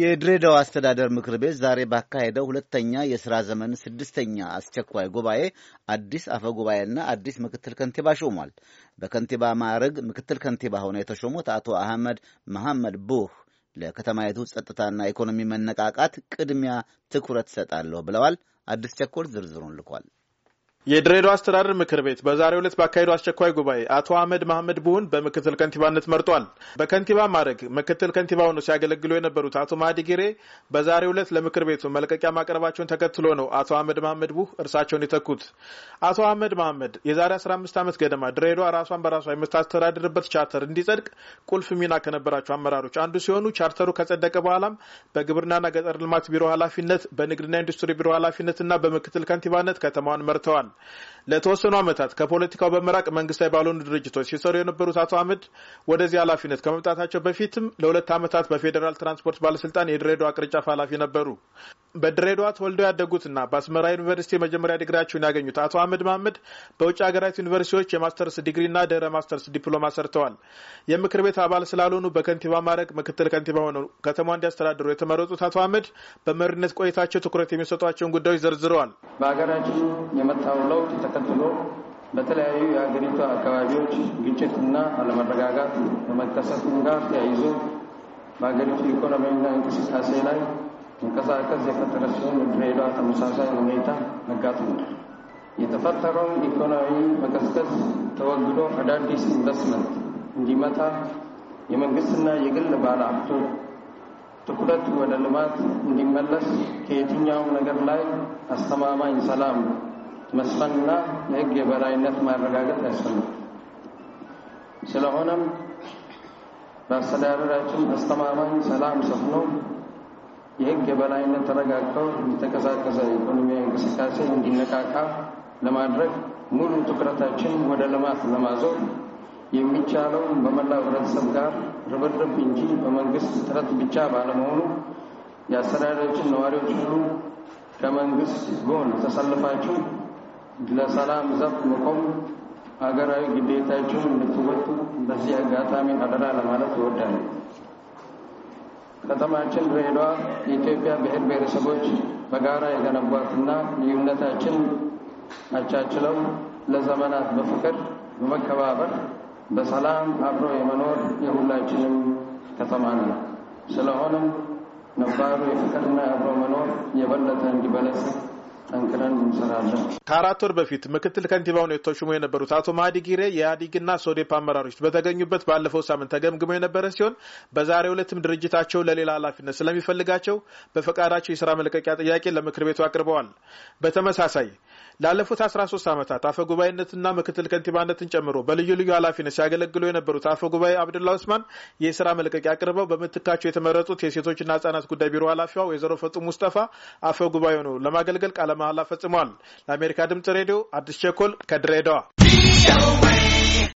የድሬዳዋ አስተዳደር ምክር ቤት ዛሬ ባካሄደው ሁለተኛ የሥራ ዘመን ስድስተኛ አስቸኳይ ጉባኤ አዲስ አፈ ጉባኤና አዲስ ምክትል ከንቲባ ሾሟል። በከንቲባ ማዕረግ ምክትል ከንቲባ ሆነው የተሾሙት አቶ አህመድ መሐመድ ቡህ ለከተማይቱ ጸጥታና ኢኮኖሚ መነቃቃት ቅድሚያ ትኩረት ሰጣለሁ ብለዋል። አዲስ ቸኮል ዝርዝሩን ልኳል። የድሬዳዋ አስተዳደር ምክር ቤት በዛሬው ዕለት ባካሄዱ አስቸኳይ ጉባኤ አቶ አህመድ ማህመድ ቡሁን በምክትል ከንቲባነት መርጧል። በከንቲባ ማድረግ ምክትል ከንቲባ ሆነው ሲያገለግሉ የነበሩት አቶ ማህዲ ጊሬ በዛሬው ዕለት ለምክር ቤቱ መልቀቂያ ማቅረባቸውን ተከትሎ ነው አቶ አህመድ ማህመድ ቡህ እርሳቸውን የተኩት። አቶ አህመድ መሐመድ የዛሬ 15 ዓመት ገደማ ድሬዳዋ ራሷን በራሷ የምታስተዳድርበት ቻርተር እንዲጸድቅ ቁልፍ ሚና ከነበራቸው አመራሮች አንዱ ሲሆኑ ቻርተሩ ከጸደቀ በኋላም በግብርናና ገጠር ልማት ቢሮ ኃላፊነት፣ በንግድና ኢንዱስትሪ ቢሮ ኃላፊነትና በምክትል ከንቲባነት ከተማዋን መርተዋል። ለተወሰኑ ዓመታት ከፖለቲካው በመራቅ መንግስታዊ ባልሆኑ ድርጅቶች ሲሰሩ የነበሩት አቶ አህመድ ወደዚህ ኃላፊነት ከመምጣታቸው በፊትም ለሁለት ዓመታት በፌዴራል ትራንስፖርት ባለስልጣን የድሬዳዋ ቅርንጫፍ ኃላፊ ነበሩ። በድሬዳዋ ተወልደው ያደጉትና በአስመራ ዩኒቨርሲቲ የመጀመሪያ ዲግሪያቸውን ያገኙት አቶ አህመድ ማህመድ በውጭ ሀገራት ዩኒቨርሲቲዎች የማስተርስ ዲግሪና ድህረ ማስተርስ ዲፕሎማ ሰርተዋል። የምክር ቤት አባል ስላልሆኑ በከንቲባ ማድረግ ምክትል ከንቲባ ሆነው ከተማ እንዲያስተዳድሩ የተመረጡት አቶ አህመድ በመሪነት ቆይታቸው ትኩረት የሚሰጧቸውን ጉዳዮች ዘርዝረዋል። በሀገራችን የመጣው ለውጥ ተከትሎ በተለያዩ የሀገሪቱ አካባቢዎች ግጭትና አለመረጋጋት በመከሰቱ ጋር ተያይዞ በሀገሪቱ ኢኮኖሚና እንቅስቃሴ ላይ መንቀሳቀስ የፈጠረ ሲሆን ድሬዳዋ ተመሳሳይ ሁኔታ አጋጥሟል። የተፈጠረውን ኢኮኖሚ መቀስቀስ ተወግዶ አዳዲስ ኢንቨስትመንት እንዲመጣ የመንግስትና የግል ባለ ትኩረት ወደ ልማት እንዲመለስ ከየትኛውም ነገር ላይ አስተማማኝ ሰላም መስፈንና የሕግ የበላይነት ማረጋገጥ ያስፈልጋል። ስለሆነም በአስተዳደራችን አስተማማኝ ሰላም ሰፍኖ የህግ የበላይነት ተረጋግጠው የተቀሳቀሰ ኢኮኖሚያዊ እንቅስቃሴ እንዲነቃቃ ለማድረግ ሙሉ ትኩረታችን ወደ ልማት ለማዞር የሚቻለው በመላው ህብረተሰብ ጋር ርብርብ እንጂ በመንግስት ጥረት ብቻ ባለመሆኑ የአስተዳደራችን ነዋሪዎች ሁሉ ከመንግስት ጎን ተሰልፋችሁ ለሰላም ዘብ መቆም ሀገራዊ ግዴታችሁን እንድትወጡ በዚህ አጋጣሚ አደራ ለማለት ይወዳል። ከተማችን ድሬዳዋ የኢትዮጵያ ብሔር ብሔረሰቦች በጋራ የገነቧትና ልዩነታችን አቻችለው ለዘመናት በፍቅር በመከባበር በሰላም አብሮ የመኖር የሁላችንም ከተማ ነው። ስለሆነም ነባሩ የፍቅርና የአብሮ መኖር የበለጠ እንዲበለጽግ ከአራት ወር በፊት ምክትል ከንቲባ ሆነው የተሾሙ የነበሩት አቶ ማህዲ ጊሬ የኢህአዴግና ሶዴፕ አመራሮች በተገኙበት ባለፈው ሳምንት ተገምግሞ የነበረ ሲሆን በዛሬው ዕለትም ድርጅታቸው ለሌላ ኃላፊነት ስለሚፈልጋቸው በፈቃዳቸው የስራ መልቀቂያ ጥያቄ ለምክር ቤቱ አቅርበዋል። በተመሳሳይ ላለፉት 13 ዓመታት አፈ ጉባኤነትና ምክትል ከንቲባነትን ጨምሮ በልዩ ልዩ ኃላፊነት ሲያገለግሉ የነበሩት አፈ ጉባኤ አብድላ ኡስማን የስራ መልቀቂያ አቅርበው በምትካቸው የተመረጡት የሴቶችና ህጻናት ጉዳይ ቢሮ ኃላፊዋ ወይዘሮ ፈጡ ሙስጠፋ አፈ ጉባኤ ነው ለማገልገል ቃለ መሐላ ፈጽሟል። ለአሜሪካ ድምጽ ሬዲዮ አዲስ ቸኮል ከድሬዳዋ